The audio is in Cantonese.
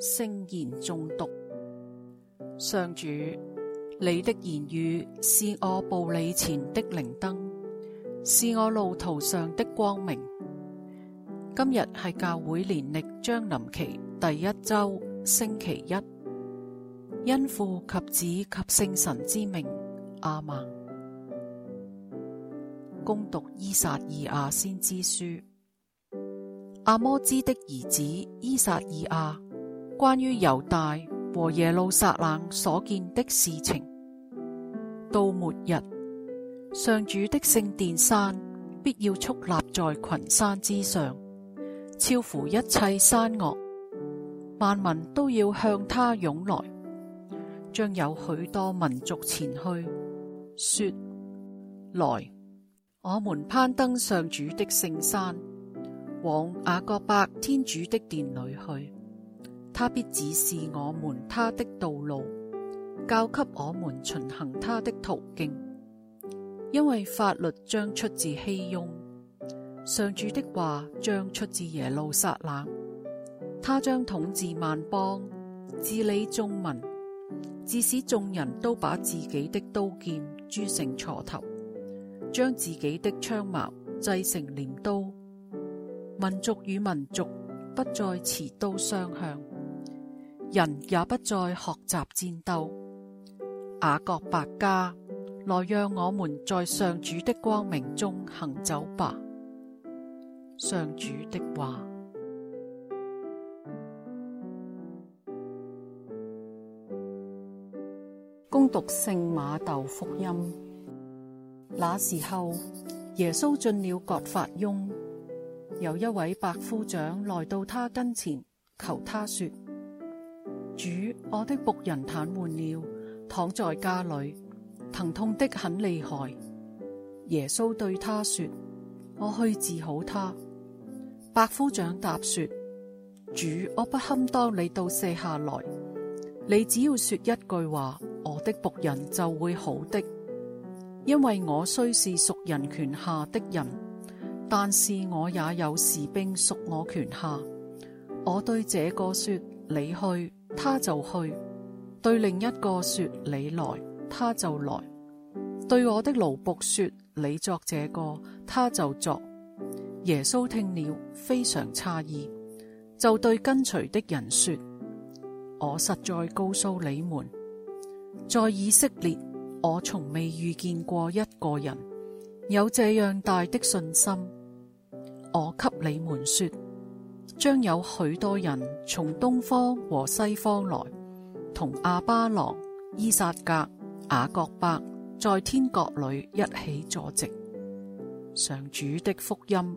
聖言誦讀。上主，你的言語是我步履前的靈燈，是我路途上的光明。今日係教會年曆將臨期第一周星期一，因父及子及聖神之名，阿們，恭讀《依撒意亞先知書》，阿摩茲的兒子依撒意亞。關於猶大和耶路撒冷所見的事情，到末日，上主的聖殿山必要矗立在群山之上，超乎一切山嶽，萬民都要向他湧來，將有許多民族前去說：來，我們攀登上主的聖山，往雅各伯天主的殿裏去。他必指示我們他的道路，教給我們循行他的途徑，因為法律將出自熙雍，上主的話將出自耶路撒冷。他將統治萬邦，治理眾民，致使眾人都把自己的刀劍鑄成鋤頭，將自己的槍矛製成鐮刀，民族與民族不再持刀相向。人也不再學習戰鬥，雅各伯家，來讓我們在上主的光明中行走吧。上主的話，恭讀聖瑪竇福音。那時候，耶穌進了葛法翁，有一位百夫長來到他跟前，求他說。主，我的僕人癱瘓了，躺在家裡，疼痛的很厲害。耶穌對他說：我去治好他。百夫長答說：主，我不堪當你到舍下來，你只要說一句話，我的僕人就會好的，因為我雖是屬人權下的人，但是我也有士兵屬我權下。我對這個說：你去。他就去，對另一個說你來，他就來；對我的奴僕說你作這個，他就作。耶穌聽了非常詫異，就對跟隨的人說：我實在告訴你們，在以色列我從未遇見過一個人有這樣大的信心。我給你們說。將有許多人從東方和西方來，同阿巴郎、伊撒格、雅各伯在天國裡一起坐席，常主的福音。